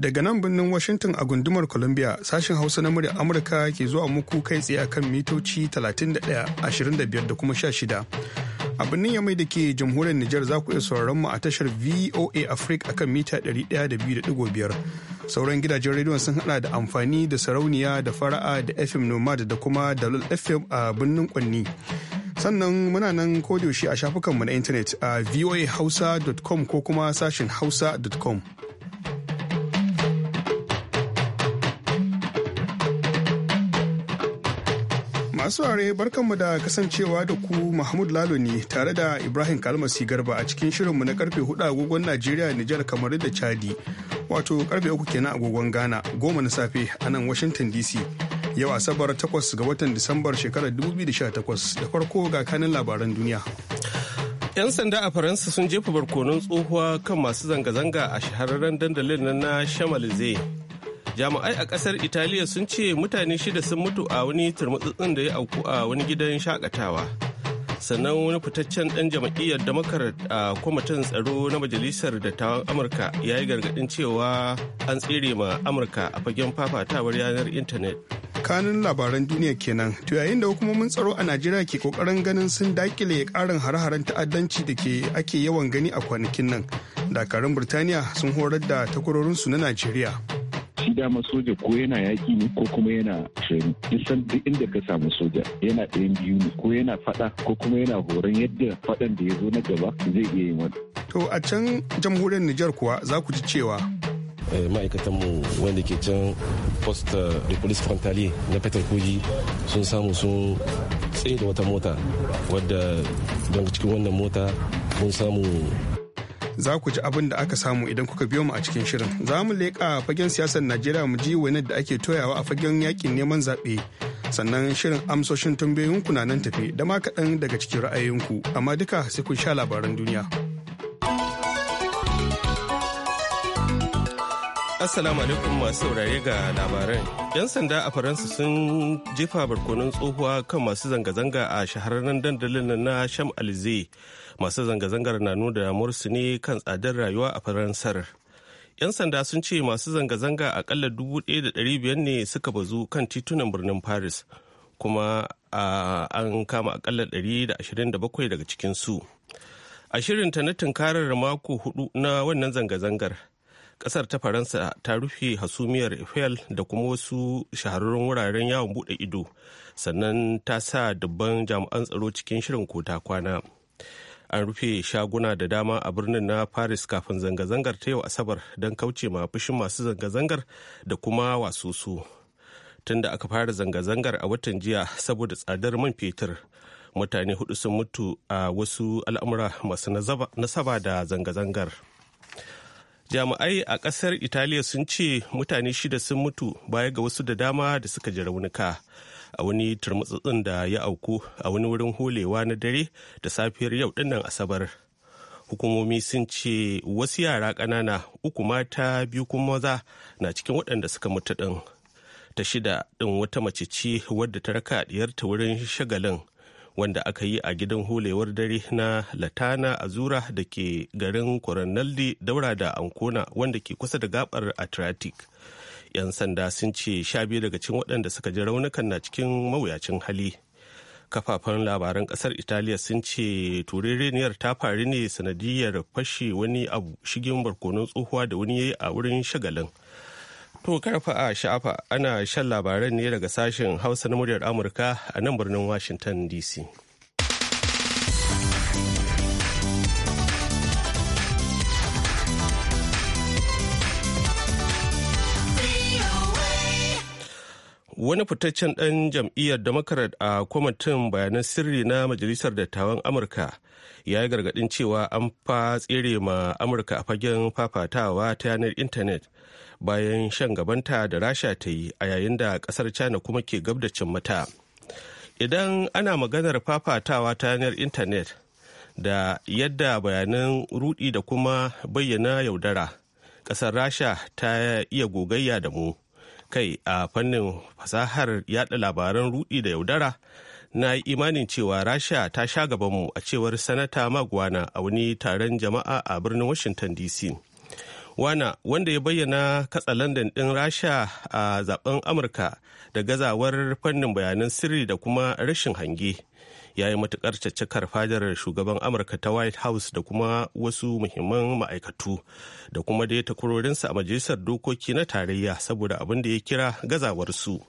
Daga nan birnin Washington a gundumar Columbia sashen Hausa na murya Amurka ke zuwa muku kai tsaye akan mitoci 31, 25 da kuma 16. A birnin Yamai da ke jamhuriyar Nijar za ku iya sauraron mu a tashar VOA Africa akan mita 102.5. Sauran gidajen rediyon sun hada da amfani da sarauniya da fara'a da FM Nomad da kuma Dalol FM a birnin Kwanni. sannan muna nan kodiyoshi a shafukanmu na intanet a voahausa.com ko kuma sashin hausa.com Masu ware barkanmu da kasancewa da ku Mahmud Lalo ne tare da Ibrahim Kalmasi Garba a cikin shirinmu na karfe hudu agogon Najeriya, Nijar, kamar da Chadi. Wato karfe uku kenan agogon Ghana, goma na safe a nan Washington DC. Yau Asabar 8 ga watan Disambar shekarar 2018 da farko ga kanin labaran duniya. 'Yan sanda a Faransa sun jefa barkonon tsohuwa kan masu zanga-zanga a shahararren dandalin na shamalize jami'ai a kasar italiya sun ce mutane shida sun mutu a wani turmutsutsun da ya auku a wani gidan shakatawa sannan wani fitaccen dan jam'iyyar damakar a kwamitin tsaro na majalisar dattawan amurka ya yi gargadin cewa an tsere ma amurka a fagen fafatawar yanar intanet kanun labaran duniya kenan to yayin da hukumomin tsaro a najeriya ke kokarin ganin sun dakile karin hare-haren ta'addanci da ke ake yawan gani a kwanakin nan dakarun birtaniya sun horar da takwarorinsu na najeriya dama soja ko yana yaki ne ko kuma yana shirin duk san duk inda ka samu soja yana ɗayan biyu ne ko yana faɗa ko kuma yana horon yadda faɗan da ya zo na gaba zai iya yi wani. To a can jamhuriyar Nijar kuwa za ku ji cewa eh, ma'aikatan mu wanda ke can post eh, de police frontalier na petrol kogi sun samu sun tsaye da wata mota wadda don cikin wannan mota mun samu za ku ji abin da aka samu idan kuka biyo mu a cikin shirin za mu leƙa fagen siyasar najeriya mu ji wani da ake toyawa a fagen yakin neman zaɓe sannan shirin amsoshin tambayoyinku na nan tafi da ma kaɗan daga cikin ra'ayoyinku amma duka sai kun sha labaran duniya. Assalamu alaikum masu saurare ga labaran. 'Yan sanda a Faransa sun jefa barkonon tsohuwa kan masu zanga-zanga a shahararren dandalin na Sham Alize. Masu zanga-zangar na nuna damuwarsu ne kan tsadar rayuwa a Faransar. 'Yan sanda sun ce masu zanga-zanga akalla biyar ne suka bazu kan titunan birnin Paris, kuma an kama akalla 127 daga cikinsu. A shirin ta na tunkarar mako hudu na wannan zanga-zangar. kasar ta faransa ta rufe hasumiyar eiffel da kuma wasu shahararrun wuraren yawon bude ido sannan ta sa dubban jami'an tsaro cikin shirin kota kwana an rufe shaguna da dama a birnin na paris kafin zanga-zangar ta yau asabar don kauce ma fushin masu zanga-zangar da kuma wasosu tun da aka fara zanga-zangar a watan jiya saboda tsadar man fetur mutane hudu sun mutu a wasu al'amura masu nasaba da zanga-zangar. jami'ai a kasar italiya sun ce mutane shida sun mutu baya ga wasu da dama da suka ji raunuka a wani turmutsutsun da ya auku a wani wurin holewa na dare da safiyar yau dinnan asabar hukumomi sun ce wasu yara ƙanana uku mata biyu kuma maza na cikin waɗanda suka mutu ɗin ta shida ɗin wata mace ce wadda ta raka ɗiyarta wurin shagalin wanda aka yi a gidan holewar dare na latana azura da ke garin coronelli daura da ankona wanda ke kusa da gabar atlantic yan sanda sun ce sha biyu daga cikin waɗanda suka ji raunukan na cikin mawuyacin hali kafafen labaran ƙasar italiya sun ce turereniyar ta faru ne sanadiyar fashe wani abu shigin barkonon tsohuwa da wani ya yi a wurin shagalin To karfa a sha'afa ana shan labaran ne daga sashen Hausa na muryar Amurka a nan birnin Washington DC. wani fitaccen ɗan jam'iyyar democrat a kwamitin bayanan sirri na majalisar dattawan amurka ya yi gargaɗin cewa an fa tsere ma amurka a fagen fafatawa ta yanar intanet bayan shan gabanta da rasha ta yi a yayin da ƙasar china kuma ke gab da cin mata idan ana maganar fafatawa ta yanar intanet da yadda bayanan rudi da kuma bayyana yaudara ƙasar rasha ta iya gogayya da mu kai a fannin fasahar yada labaran rudi da yaudara na yi imanin cewa rasha ta sha gabanmu a cewar sanata magwana a wani taron jama'a a birnin washington dc wana wanda ya bayyana katsa london ɗin rasha a zaben amurka da gazawar fannin bayanan sirri da kuma rashin hange ya yi matukar caccakar fadar shugaban amurka ta white house da kuma wasu muhimman ma'aikatu da kuma da ya takurorinsa a majalisar dokoki na tarayya saboda abin da ya kira gazawarsu. su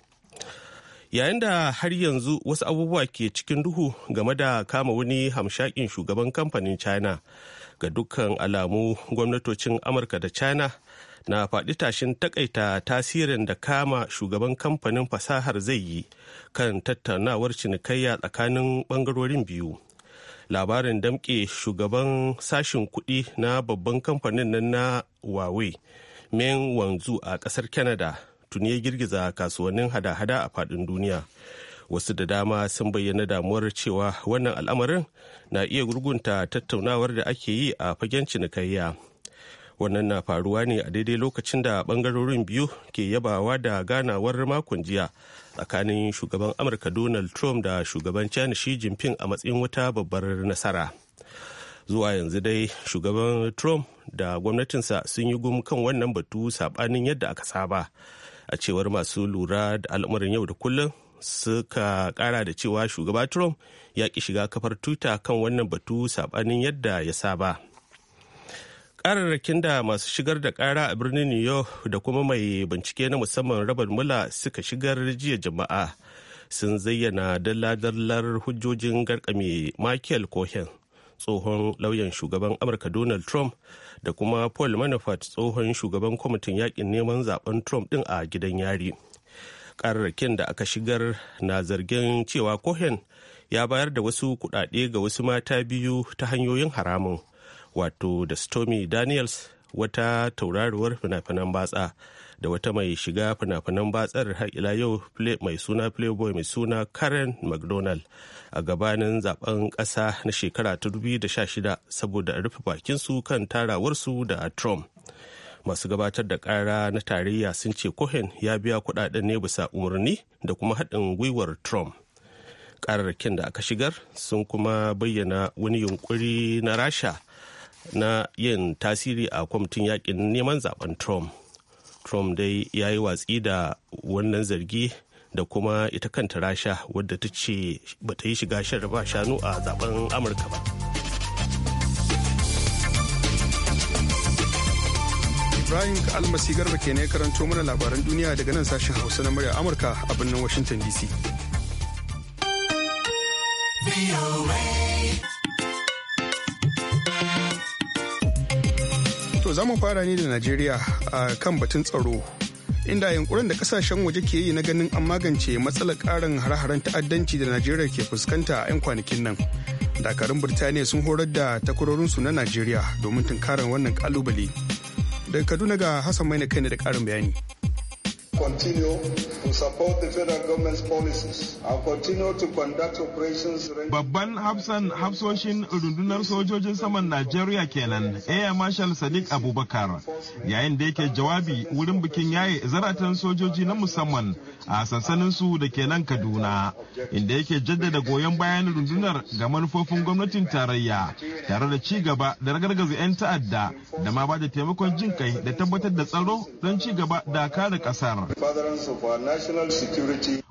yayin da har yanzu wasu abubuwa ke cikin duhu game da kama wani hamshakin shugaban kamfanin china ga dukkan alamu gwamnatocin amurka da china na faɗi tashin takaita tasirin da kama shugaban kamfanin fasahar zai yi kan tattaunawar cinikayya tsakanin ɓangarorin biyu labarin damƙe shugaban sashen kuɗi na babban kamfanin nan na huawei meng wanzu a ƙasar canada tuni ya girgiza kasuwannin hada-hada a faɗin duniya wasu da dama sun bayyana damuwar cewa wannan al'amarin na iya gurgunta tattaunawar da ake yi a fagen cinikayya wannan na faruwa ne a daidai lokacin da bangarorin biyu ke yabawa da ganawar makon jiya tsakanin shugaban amurka donald trump da shugaban china shi jinping a matsayin wata babbar nasara zuwa yanzu dai shugaban trump da gwamnatinsa sun yi gum kan wannan batu saɓanin yadda aka saba a cewar masu lura da al'amuran yau da kullum suka kara da cewa shugaba trump ya ki shiga kafar twitter kan wannan batu sabanin yadda ya saba kararrakin da masu shigar da kara a birnin new york da kuma mai bincike na musamman robert mula suka shigar jiya jama'a sun zayyana dalla-dallar hujjojin garkame michael cohen tsohon lauyan shugaban amurka donald trump da kuma paul manafort tsohon shugaban kwamitin yakin neman zaben trump din a gidan yari kararrakin da aka shigar na zargin cewa cohen ya bayar da wasu kuɗaɗe ga wasu mata biyu ta hanyoyin haramun wato da stormy daniels wata tauraruwar fina-finan batsa da wata mai shiga fina-finan batsar har ila yau mai suna playboy mai suna karen mcdonald a gabanin zaben kasa na shekara ta 2016 saboda rufe bakinsu kan tarawarsu da trump masu gabatar da kara na tarayya sun ce cohen ya biya kudaden ne bisa umarni da kuma haɗin gwiwar trump kararrakin da aka shigar sun kuma bayyana wani yunkuri na rasha na yin tasiri a kwamitin yakin neman zaben trump trump dai ya yi watsi da wannan zargi da kuma ita kanta rasha wadda ta ce ba ta yi shiga shan ba shanu a zaben amurka ba ibrahim almasi garba ke ne karanto mana labaran duniya daga nan sashen hausa na murya amurka a birnin washington dc To za mu fara ne da Najeriya a kan batun tsaro. Inda yankuran da kasashen waje ke yi na ganin an magance matsalar karin hare-haren ta'addanci da Najeriya ke fuskanta a 'yan kwanakin nan. Dakarun Birtaniya sun horar da takwarorinsu na Najeriya domin tunkarar wannan kalubale. Daga Kaduna ga Hassan Maina kai da karin bayani. Babban hafsan hafsoshin rundunar sojojin saman Najeriya kenan Air Marshal Sadiq Abubakar yayin da yake jawabi wurin bikin yaye zaratan sojoji na musamman a sansanin su da ke nan Kaduna inda yake jaddada goyon bayan rundunar ga manufofin gwamnatin tarayya tare da ci gaba da ragargaza 'yan ta'adda da ma ba da taimakon jin kai da tabbatar da tsaro don ci gaba da kare kasar.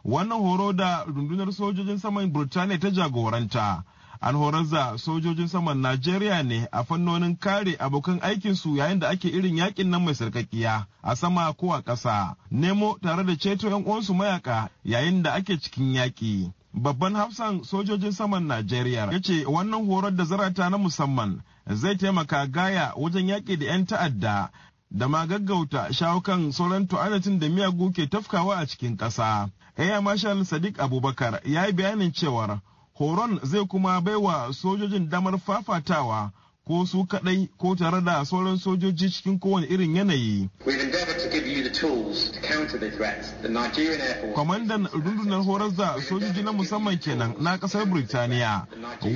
Wannan horo da rundunar sojojin saman Burtaniya ta jagoranta an horar sojojin saman Najeriya ne a fannonin kare abokan aikinsu yayin da ake irin yakin nan mai sarkakiya a sama ko a ƙasa. Nemo tare da ceto 'yan uwansu mayaka yayin da ake cikin yaƙi. Babban hafsan sojojin saman Najeriya ya ce wannan horar da zarata na musamman zai taimaka gaya wajen yaƙi da 'yan ta'adda da ma gaggauta shawukan sauran tu'adatin da miyagu ke tafkawa a cikin ƙasa. Air eh, Marshal Sadiq Abubakar ya yi bayanin cewar horon zai kuma baiwa sojojin damar fafatawa ko su kadai ko tare da sauran sojoji cikin kowane irin yanayi. Kwamandan rundunar horar da sojoji na musamman kenan na kasar Birtaniya,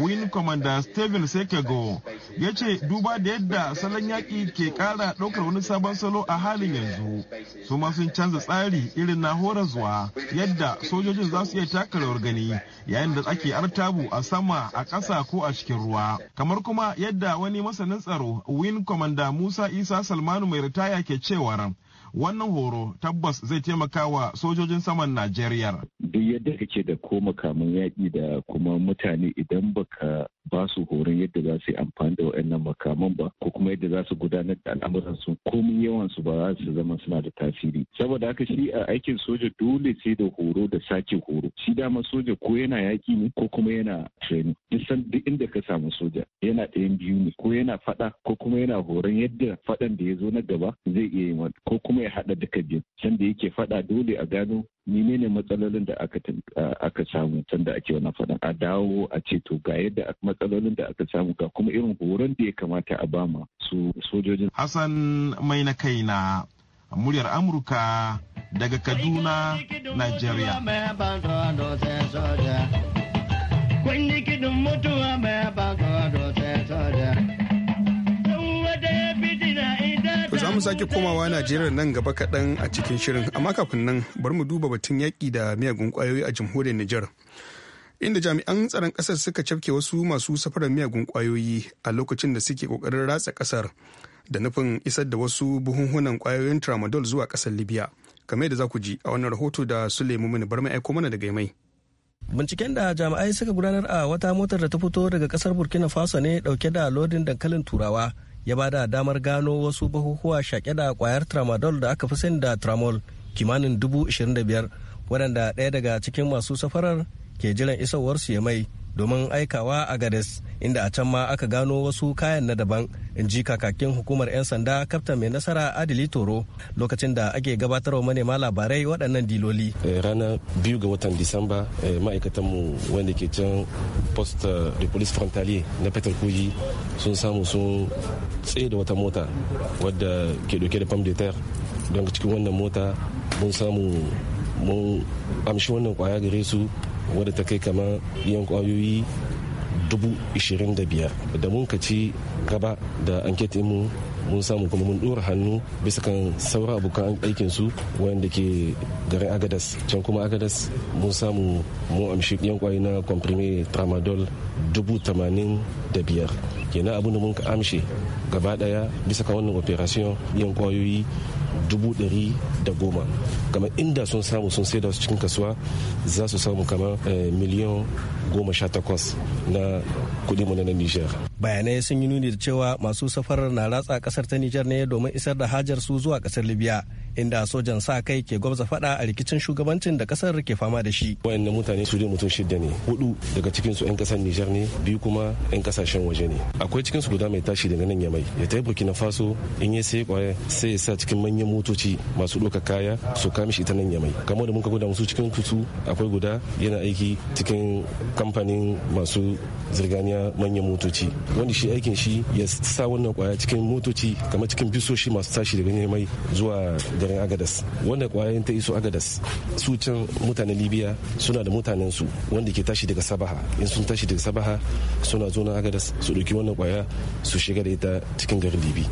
Win Commander Steven Sekego, ya ce duba da yadda salon yaƙi ke ƙara ɗaukar wani sabon salo a halin yanzu, su ma sun canza tsari irin na zuwa yadda sojojin za su iya taka rawar gani yayin da ake artabu a sama a ƙasa ko a cikin ruwa. Kamar kuma yadda wani masanin tsaro win commander musa isa salmanu mai ritaya ke cewar wannan horo tabbas zai taimaka wa sojojin saman najeriya duk yadda kake da ko makaman yaƙi da kuma mutane idan baka ba su horon yadda za su yi amfani da waɗannan makaman ba ko kuma yadda za su gudanar da al'amuransu komin yawansu ba za su zama suna da tasiri saboda haka shi a aikin soja dole sai da horo da sake horo shi dama soja ko yana yaki ne ko kuma yana training dusan san duk inda ka samu soja yana ɗayan biyu ne ko yana faɗa ko kuma yana horon yadda faɗan da ya zo na gaba zai iya yi ko kuma ya haɗa duka biyu san da yake faɗa dole a gano ne matsalolin da aka samu sanda ake wannan faɗan a dawo a ce to ga yadda matsalolin da aka samu ga kuma irin horon da ya kamata a bama su sojojin. Hassan mai na kaina muryar amurka daga kaduna nigeria za mu sake komawa najeriya nan gaba kaɗan a cikin shirin amma kafin nan bari mu duba batun yaƙi da miyagun ƙwayoyi a jamhuriyar nijar inda jami'an tsaron ƙasar suka cafke wasu masu safarar miyagun ƙwayoyi a lokacin da suke ƙoƙarin ratsa ƙasar da nufin isar da wasu buhunhunan kwayoyin tramadol zuwa kasar libya kamar da za ku ji a wannan rahoto da sulaimu mini bar mai aiko mana daga mai binciken da jami'ai suka gudanar a wata motar da ta fito daga kasar burkina faso ne dauke da lodin dankalin turawa ya bada damar gano wasu bahuhuwa shaƙe da kwayar tramadol da aka fi sani da tramol kimanin dubu biyar waɗanda ɗaya daga cikin masu safarar ke jiran isowarsu ya mai domin aikawa a gades inda a can ma aka gano wasu kayan na daban in ji kakakin hukumar 'yan sanda kaftan mai nasara adili toro lokacin da ake gabatarwa manema labarai waɗannan diloli eh, ranar biyu ga watan disamba eh, ma'aikatanmu wanda ke can post eh, de police frontalier na petar kuji sun samu sun tsaye da wata mota wadda ke dauke da pam de terre don cikin wannan mota mun samu mun amshi wannan kwaya gare su wadda ta kai kamar yan kwayoyi 25,000 da mun kaci gaba da anket mu mun samu kuma mun dora hannu bisa kan sauran abokan aikin su wanda ke garin agadas can kuma agadas mun samu mun amshi yan kwayi na comprime tramadol 85,000 kenan abin da mun ka amshi gaba daya bisa kan wannan operation yan kwayoyi dubu ɗari da goma kamar inda sun samu sun saida su cikin kasuwa za su samu kamar eh, miliyan goma sha takwas na kudi mu na Nijar. Bayanai sun yi nuni da cewa masu safarar na ratsa kasar ta Nijar ne domin isar da hajar su zuwa kasar Libya inda sojan sa kai ke gwamza fada a rikicin shugabancin da kasar ke fama da shi. Wayannan mutane su ne mutum shida ne, hudu daga cikin su 'yan kasar Nijar ne, biyu kuma 'yan kasashen waje ne. Akwai cikinsu guda mai tashi daga nan Yamai, ya ta yi Burkina Faso in ya sai kwaya sai ya sa cikin manyan motoci masu ɗauka kaya su kamishi ita nan Yamai. Kamar da muka gwada musu cikin kusu akwai guda yana aiki cikin kamfanin masu zirganiya manyan motoci wanda shi aikin shi ya sa wannan kwaya cikin motoci kamar cikin bisoshi masu tashi daga mai zuwa garin agadas wanda kwayoyin ta iso agadas su can mutanen libya suna da mutanen su wanda ke tashi daga sabaha in sun tashi daga sabaha suna zo na agadas su ɗauki wannan kwaya su shiga da ita cikin garin libi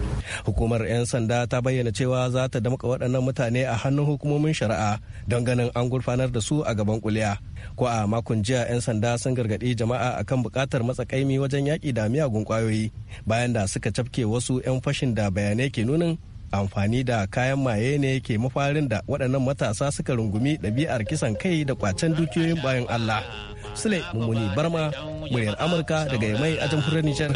hukumar 'yan sanda ta bayyana cewa za ta damƙa waɗannan mutane a hannun hukumomin shari'a don ganin an gurfanar da su a gaban kuliya ko a makon jiya 'yan sanda sun gargaɗi jama'a akan buƙatar matsakaimi wajen yaƙi da miyagun ƙwayoyi bayan da suka cafke wasu 'yan fashin da bayanai ke nunin amfani da kayan maye ne ke mafarin da waɗannan matasa suka rungumi ɗabi'ar kisan kai da kwacen dukiyoyin bayan Allah. Sule Mummuni Barma, muryar Amurka daga Yamai a jamhuriyar Nijar.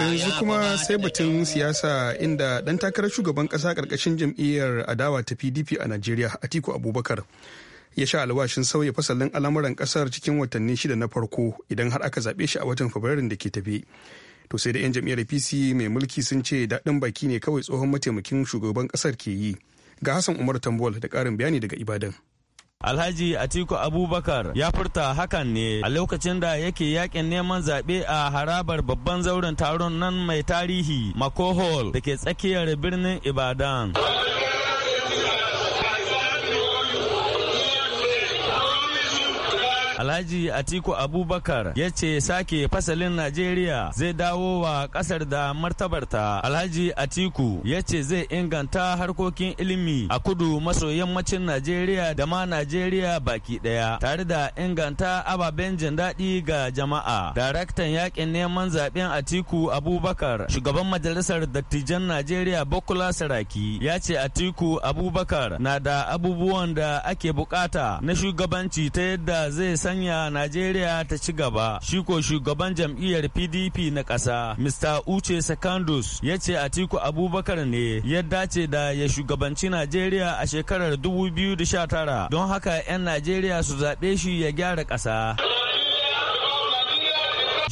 yanzu kuma sai batun siyasa inda ɗan takarar shugaban ƙasa ƙarƙashin jam'iyyar adawa ta pdp a najeriya atiku abubakar ya sha alwashin sauya fasalin al'amuran kasar cikin watanni shida na farko idan har aka zaɓe shi a watan fabrairun da ke tafi to sai da 'yan jam'iyyar pc mai mulki sun ce daɗin baki ne kawai tsohon mataimakin shugaban ƙasar ke yi ga hassan umar tambol da ƙarin bayani daga ibadan Alhaji Atiku Abubakar ya furta hakan ne a lokacin da yake yakin neman zaɓe a harabar babban zauren taron nan mai tarihi Makohol da ke tsakiyar birnin Ibadan. Alhaji Atiku Abubakar ya ce sake fasalin Najeriya zai dawo wa kasar da martabarta. Alhaji Atiku ya ce zai inganta harkokin ilimi a kudu maso yammacin Najeriya da ma Najeriya baki daya tare da inganta ababen jin daɗi ga jama'a. Daraktan yakin neman zaɓen Atiku Abubakar shugaban majalisar dattijan Najeriya Bokula Saraki ya ce Atiku Abubakar na da abubuwan da ake bukata na shugabanci ta yadda zai san sanya Najeriya ta ci gaba. Shi ko shugaban jam'iyyar PDP na ƙasa, Mr. Uche Secondus, ya ce Atiku Abubakar ne ya dace da ya shugabanci Najeriya a shekarar 2019 don haka 'yan Najeriya su zaɓe shi ya gyara ƙasa.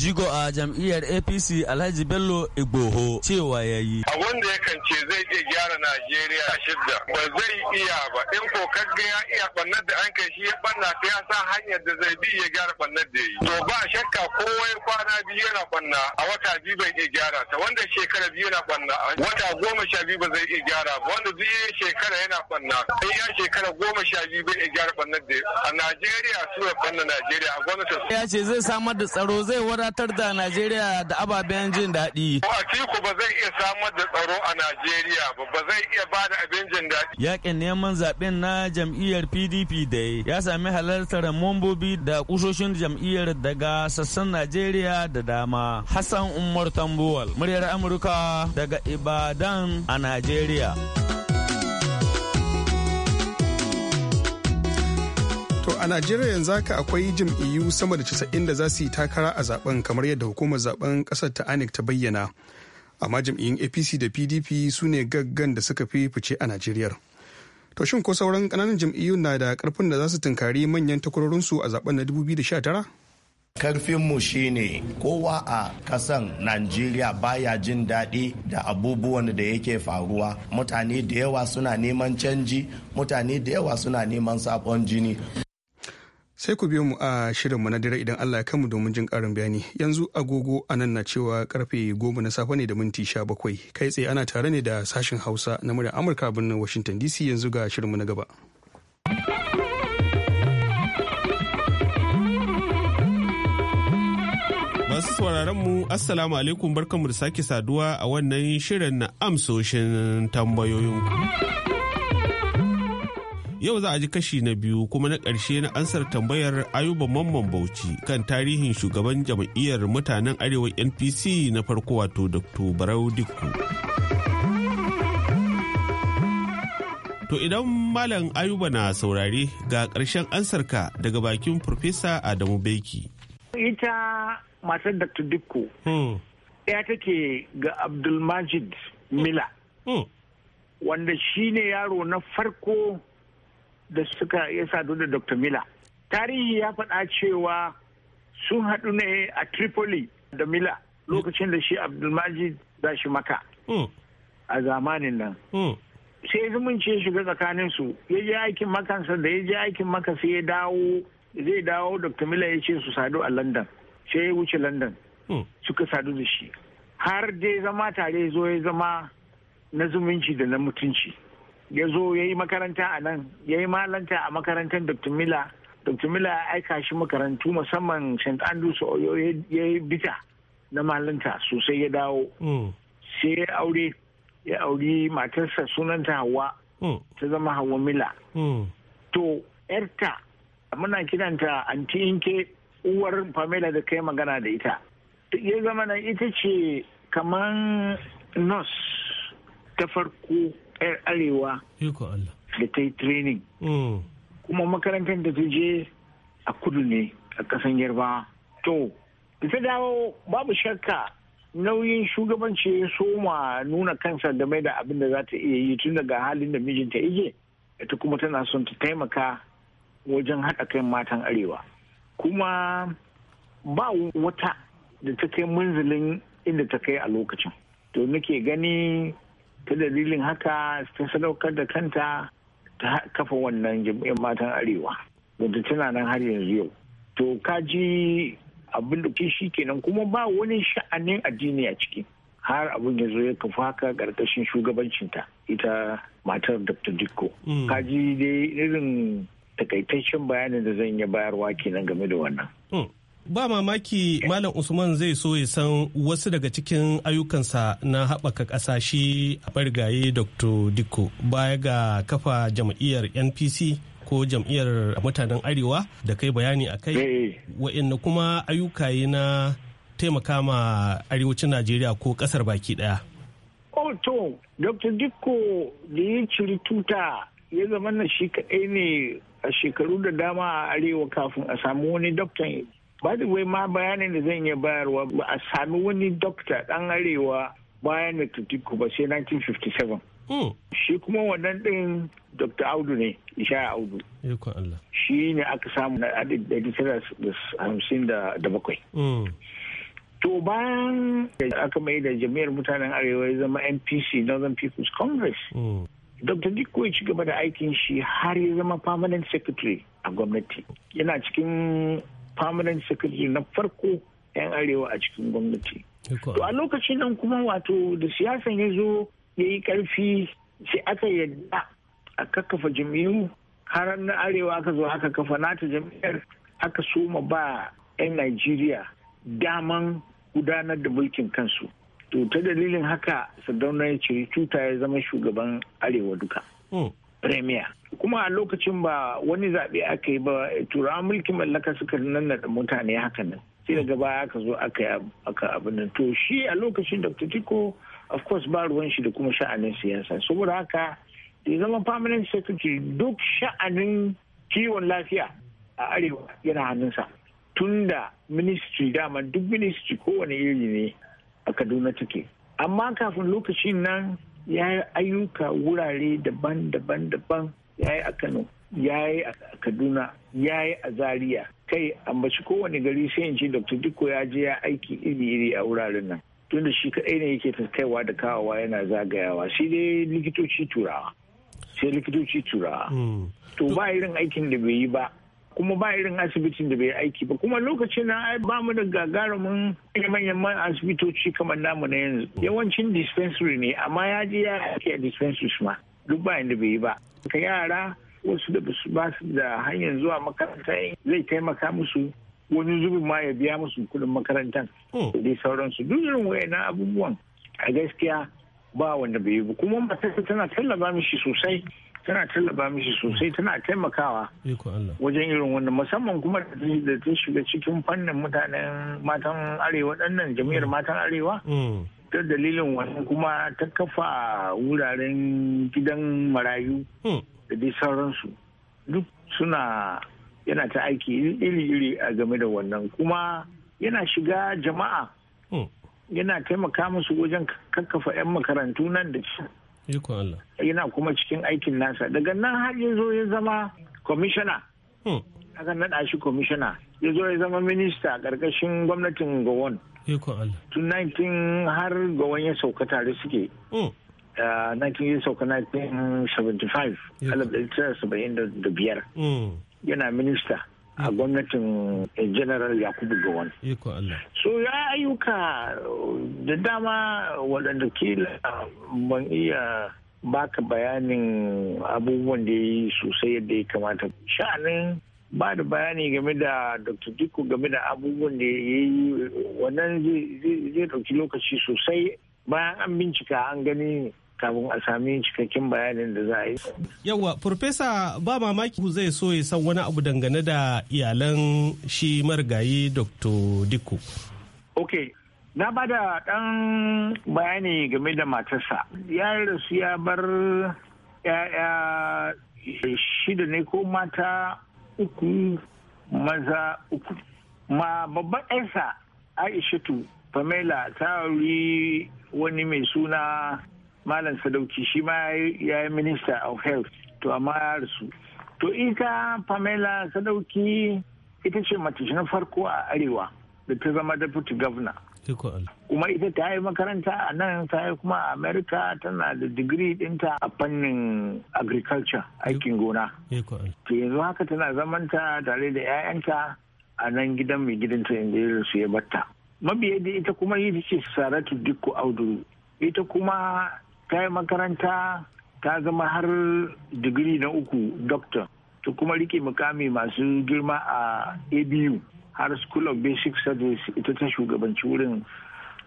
jigo a jam'iyyar apc alhaji bello igboho cewa ya yi a wanda ya kance zai iya gyara najeriya shidda ba zai iya ba in ko kaga ya iya bannar da an kai shi ya banna ta ya sa hanyar da zai bi ya gyara bannar da yi to ba shakka kowa ya kwana biyu yana banna a wata biyu bai iya gyara ta wanda shekara biyu yana banna wata goma sha biyu ba zai iya gyara ba wanda biyu shekara yana banna sai ya shekara goma sha biyu bai iya gyara bannar da a najeriya su ya banna najeriya a gwamnatin ya ce zai samar da tsaro zai wada gabatar da Najeriya da ababen jin daɗi. Atiku ba zai iya samar da tsaro a Najeriya ba ba zai iya ba da abin jin daɗi. Yaƙin neman zaɓen na jam'iyyar PDP da ya sami halartar mambobi da kusoshin jam'iyyar daga sassan Najeriya da dama. Hassan Umar Tambuwal, muryar Amurka daga Ibadan a Najeriya. To a Najeriya yanzu haka akwai jam'iyyu sama da casa'in da za su yi takara a zaben kamar yadda hukumar zaben kasar ta INEC ta bayyana. Amma jam'iyyun APC da PDP su ne gaggan da suka fi fice a Najeriya. To shin ko sauran ƙananan jam'iyyu na da ƙarfin da za su tunkari manyan takwarorinsu a zaben na 2019? karfinmu shine kowa a kasan najeriya baya jin daɗi da abubuwan da yake faruwa mutane da yawa suna neman canji mutane da yawa suna neman sabon jini sai ku biyo mu a shirinmu na dare idan Allah ya kamu domin jin karin bayani yanzu agogo a nan na cewa karfe goma na safe ne da minti sha bakwai kai tsaye ana tare ne da sashen hausa na murya amurka birnin washington dc yanzu ga shirinmu na gaba masu sauraron mu assalamu alaikum barkanmu da sake saduwa a wannan shirin na amsoshin tambayoyinku. Yau za a ji kashi na biyu kuma na ƙarshe na ansar tambayar Ayuba Mamman Bauchi kan tarihin shugaban jam'iyyar mutanen Arewa NPC na farko wato Dr. Barau Dikku. To idan Malam Ayuba na saurare ga ƙarshen ansarka daga bakin Farfesa Adamu Beki. Ita matar Dr. Dikku ɗaya hmm. take ga Abdulmajid Mila. Hmm. Wanda shi ne yaro na farko da suka ya sadu da dr miller tarihi ya faɗa cewa sun haɗu ne a tripoli da miller lokacin da shi abdulmajid za shi maka hmm. a zamanin nan hmm. sai zumunci ya shiga tsakanin su ya je aikin makansa da ya je aikin maka sai ya dawo zai dawo dr miller ya ce su sadu a london sai ya wuce london hmm. suka sadu da shi har dai zama tare zo ya zama na zumunci da na mutunci ya zo ya yi makaranta a nan ya yi malanta a makarantar dr mila dr mila ya aika shi makarantu musamman st andrews ya yi bita na malanta sosai ya dawo hmm. sai ya aure ya auri matarsa sunanta hawa hmm. ta zama hawa mila hmm. to yarta muna kiranta anti inke uwar famila da kai magana da ita ya zama nan ita ce kaman nurse ta farko 'yar arewa da ta yi training mm. kuma makarantar da ta je a kudu ne a kasan yarbawa to da ta dawo babu shakka nauyin shugabanci ya soma nuna kansa da mai da abin da za ta iya yi tun daga halin da mijinta ije ita kuma tana son ta taimaka wajen haɗa kai matan arewa kuma ba wata da ta kai munzulin inda ta kai a lokacin to nake gani ta dalilin haka ta sadaukar da kanta ta kafa wannan jam'iyyar matan arewa wanda tana nan har yanzu yau to kaji abin da shi kenan kuma ba wani sha'anin addini a ciki har abin ya zo ya kafa haka ƙarƙashin shugabancinta ita matar dr dikko mm. kaji dai irin takaitaccen bayanin da zan iya bayarwa kenan game da wannan mm. ba mamaki malam usman zai so ya san wasu daga cikin ayyukansa na haɓaka ƙasashe a bargaye dr dikko baya ga kafa jam'iyyar npc ko jam'iyyar mutanen arewa da kai bayani a kai eh, eh. wa'inda kuma ayyuka yi na taimaka ma arewacin najeriya ko ƙasar baki ɗaya oh, to dr dikko da ya ciri tuta ya zama na shi kaɗai ne a shekaru da dama a arewa kafin a samu wani doktan ba da wai ma bayanin da zan iya bayarwa ba a sami wani dokta dan arewa bayan da tutiku ba sai 1957 hmm. shi kuma wannan din dr audu ne isha audu shi ne aka samu na hamsin da hmm. to bayan da aka mai da jami'ar mutanen arewa ya zama npc northern people's congress hmm. dr dikko ya ci gaba da aikin shi har ya zama permanent secretary a gwamnati yana cikin permanent secretary na farko 'yan arewa a cikin gwamnati to a lokacin nan kuma wato da siyasan ya zo ya yi karfi sai aka yadda a kakkafa jam'iyyu har na arewa aka zo aka kafa nata jam'iyyar aka soma ba 'yan najeriya daman gudanar da mulkin kansu to ta dalilin haka sadaunar ya ce tuta ya zama shugaban arewa duka hmm. premier kuma a lokacin ba wani zaɓe aka yi ba turawa mulkin mallaka suka nannaɗa mutane haka nan sai daga baya aka zo aka yi abin nan to shi a lokacin dr tiko of course ba ruwan shi da kuma sha'anin siyasa saboda haka ya zama permanent secretary duk sha'anin kiwon lafiya a arewa yana hannunsa da ministry dama duk ministry kowane iri ne a kaduna take amma kafin lokacin nan ya yi ayyuka wurare daban-daban daban ya yi a kano ya yi a kaduna ya yi a zaria kai a ambaci kowane gari sai in ce dr dikko ya je ya aiki iri-iri a wuraren nan tunda shi kaɗai ne yake kaiwa da kawawa yana zagayawa sai dai likitoci turawa sai likitoci turawa hmm. to ba irin aikin da bai yi ba kuma ba irin asibitin da bai aiki ba kuma lokacin na ba mu da gagarumin manyan asibitoci kamar namu na yanzu yawancin dispensary ne amma ya je ya aiki a dispensary ma duk ba inda bai yi ba ka yara wasu da ba su da hanyar zuwa makaranta zai taimaka musu wani zubin ma ya biya musu kudin makarantar hmm. da dai sauransu duk irin na abubuwan a gaskiya ba wanda bai yi ba kuma matarsa tana tallaba mishi sosai tana tallaba mishi sosai tana taimakawa wajen irin wannan musamman kuma da ta shiga cikin fannin mutanen matan arewa ɗannan jami'ar mm. matan arewa mm. ta dalilin wani kuma ta kafa wuraren gidan marayu mm. da dai sauransu duk suna yana ta aiki iri-iri a game da wannan kuma yana shiga jama'a yana taimaka musu wajen kakkafa 'yan makarantu nan da yana kuma cikin aikin nasa daga nan har ya zo ya zama kwamishina hmm. aka naɗa shi kwamishina ya zo ya zama minista ƙarƙashin gwamnatin gowon tun 19 har gowon ya sauka tare suke 19 hmm. uh, ya sauka 1975 1975 hmm. yana minista a hmm. gwamnatin general yakubu gowon so ya ayyuka da dama waɗanda kila ah, ban iya baka bayanin abubuwan da ya yi sosai yadda ya kamata sha'anin ba da bayani game da dr diko game da abubuwan da ya yi wannan zai ɗauki lokaci sosai bayan an bincika an gani kafin a sami cikakken bayanin da za a yi. Yawwa, Farfesa ba mamaki zai so ya san wani abu dangane da iyalan shi marigayi Dr. Diko. Ok, na ba da ɗan bayani game da matarsa. Ya rasu ya bar ‘ya'ya shida ne ko mata uku maza uku. Ma babban ‘yarsa Aishatu Pamela ta wani mai suna malam sadauki shi ma ya yi minister of health to amma ya rasu to ita pamela sadauki ita ce mace na farko a arewa da ta zama deputy governor kuma ita ta yi makaranta a nan ta yi kuma a america tana da digiri dinta a fannin agriculture aikin gona to yanzu haka tana zamanta tare da 'ya'yanta a nan gidan mai gidanta inda su ya batta mabiya da ita kuma yi ce saratu dikko audu ita kuma ta yi makaranta ta zama har digiri na uku doctor ta kuma rike mukami masu girma a abu har school of basic service ita ta shugabanci wurin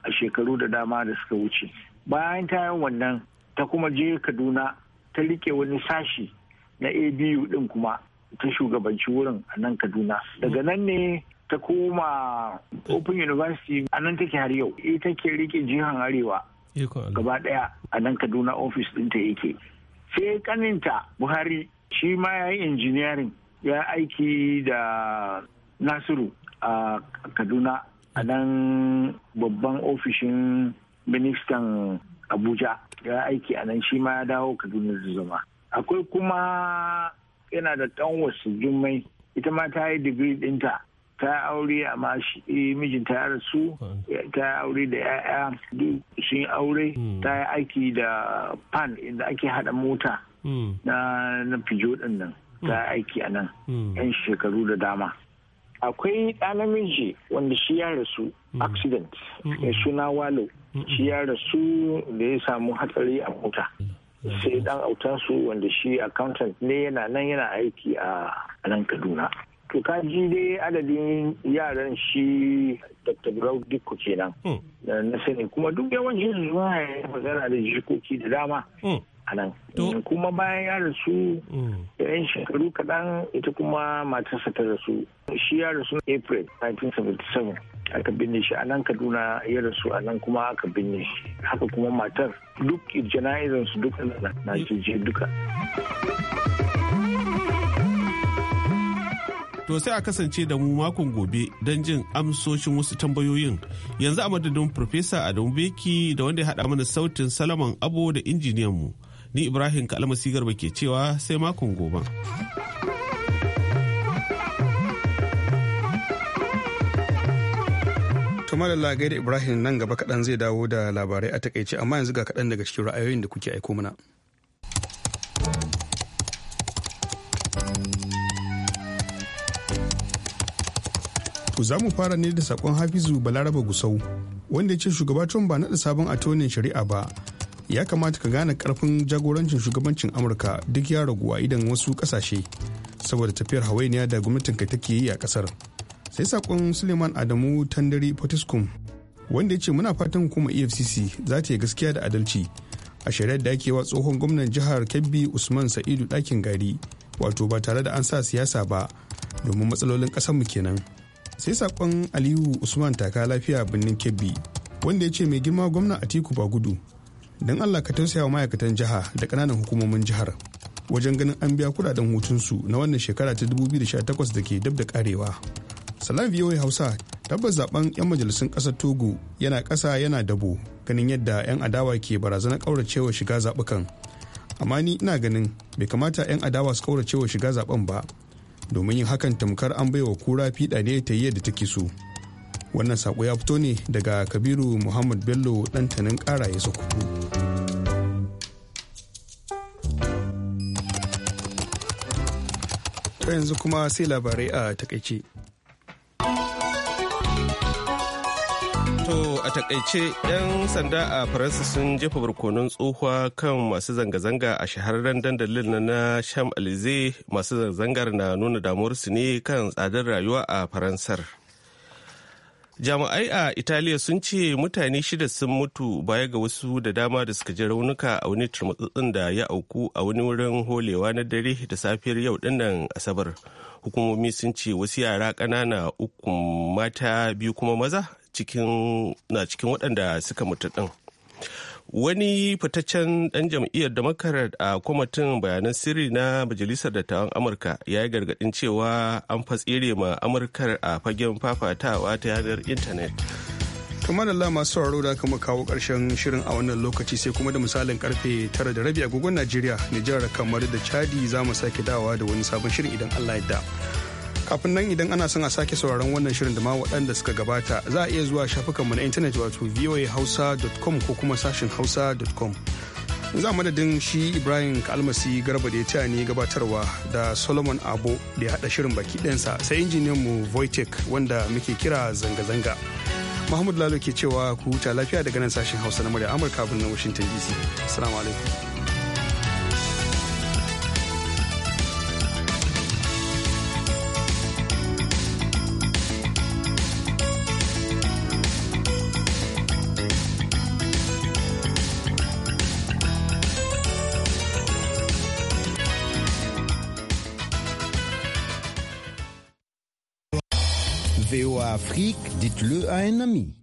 a shekaru da dama da suka wuce bayan ta yi wannan ta kuma je kaduna ta rike wani sashi na abu din kuma ta shugabanci wurin a nan kaduna daga nan ne ta koma open university a nan take har yau ita ke rike jihar arewa gaba daya a nan kaduna ofis ɗinta yake sai kaninta buhari shi ma ya yi injiniyarin ya aiki da nasiru a kaduna a nan babban ofishin ministan abuja ya aiki a nan shi ma ya dawo kaduna da zama akwai kuma yana da ɗan wasu jummai ita ma ta yi digiri dinta. ta aure amma eh, mijinta ya rasu hmm. ta aure da 'ya'ya sun aure hmm. ta yi aiki da pan inda ake hada mota hmm. na fijo din nan ta aiki a nan yan shekaru da dama akwai ɗa namiji wanda shi ya rasu accident mai suna walo shi ya rasu da ya samu hatsari a mota sai dan autansu wanda shi accountant ne yana nan yana aiki a nan kaduna To ka ji dai adadin yaran shi Dr. Brown Dikko kenan. Hmm. Na sani kuma duk yawancin zuwa ya magana da jikoki da dama. Hmm. a hmm, Kuma bayan ya rasu 'yan shekaru kaɗan ita kuma matarsa ta rasu. Shi ya rasu April 1977 aka binne shi a nan Kaduna ya rasu a nan kuma aka binne shi. Haka kuma matar duk jana'izansu duka na duka. To sai a kasance da mu makon gobe don jin amsoshin wasu tambayoyin. Yanzu a madadin Profesa Adamu Beki da wanda ya haɗa mana sautin Salaman Abo da injiniyan mu. Ni Ibrahim Kalmasi Garba ke cewa sai makon gobe. kamar da lagai da ibrahim nan gaba kaɗan zai dawo da labarai a takaice amma yanzu ga kaɗan daga cikin ra'ayoyin da kuke aiko mana. zamu za mu fara ne da sakon hafizu balaraba gusau wanda ya ce shugaba trump ba naɗa sabon atonin shari'a ba ya kamata ka gane karfin jagorancin shugabancin amurka duk ya ragu a idan wasu kasashe saboda tafiyar hawainiya da gwamnatin ka take yi a kasar sai sakon suleiman adamu tandari potiskum wanda ya ce muna fatan hukumar efcc za ta yi gaskiya da adalci a shari'ar da ake wa tsohon gwamnan jihar kebbi usman sa'idu ɗakin gari wato ba tare da an sa siyasa ba domin matsalolin mu kenan sai sakon aliyu usman taka lafiya birnin kebbi wanda ya ce mai girma gwamna atiku ba gudu don allah ka tausaya wa ma'aikatan jiha da kananan hukumomin jihar wajen ganin an biya kudaden hutunsu na wannan shekara ta 2018 da ke dab da karewa salam voa hausa tabbas zaben yan majalisun kasar togo yana kasa yana dabo ganin yadda yan adawa ke barazanar kauracewa shiga zabukan amma ni ina ganin bai kamata yan adawa su kauracewa shiga zaben ba domin yin hakan tamkar an baiwa kura fiɗa ne ta yi yadda take so wannan saƙo ya fito ne daga kabiru muhammad bello ɗantanin ƙara ya sokoto yanzu kuma sai labarai a takaice a takaice 'yan sanda a Faransa sun jefa barkonon tsohuwa kan masu zanga-zanga a shahararren dandalin na Sham Alize masu zanga-zangar na nuna damuwarsu ne kan tsadar rayuwa a Faransar. Jami'ai a Italiya sun ce mutane shida sun mutu baya ga wasu da dama da suka ji raunuka a wani turmutsutsun da ya auku a wani wurin holewa na dare da safiyar yau dinnan Asabar. hukumomi sun ce wasu yara ƙanana uku mata biyu kuma maza cikin na cikin waɗanda suka mutu ɗin wani fitaccen ɗan jam'iyyar democrat a kwamitin bayanan sirri na majalisar dattawan amurka ya yi gargaɗin cewa an fatsire ma amurkar a fagen fafatawa ta yanar intanet kamar da masu sauraro da aka kawo karshen shirin a wannan lokaci sai kuma da misalin karfe tara da rabi agogon najeriya nijar kamar da chadi za mu sake dawa da wani sabon shirin idan allah ya da kafin nan idan ana son a sake sauraron wannan shirin da ma waɗanda suka gabata za a iya zuwa shafukanmu na intanet wato voahausa.com ko kuma sashin hausa.com za madadin shi ibrahim kalmasi garba da ya taya ni gabatarwa da solomon abo da ya haɗa shirin baki ɗansa sai injiniyan mu voitech wanda muke kira zanga-zanga mahmud lalo ke cewa ku huta lafiya daga nan sashin hausa na murya amurka birnin washington dc assalamu alaikum Afrique, dites-le à un ami.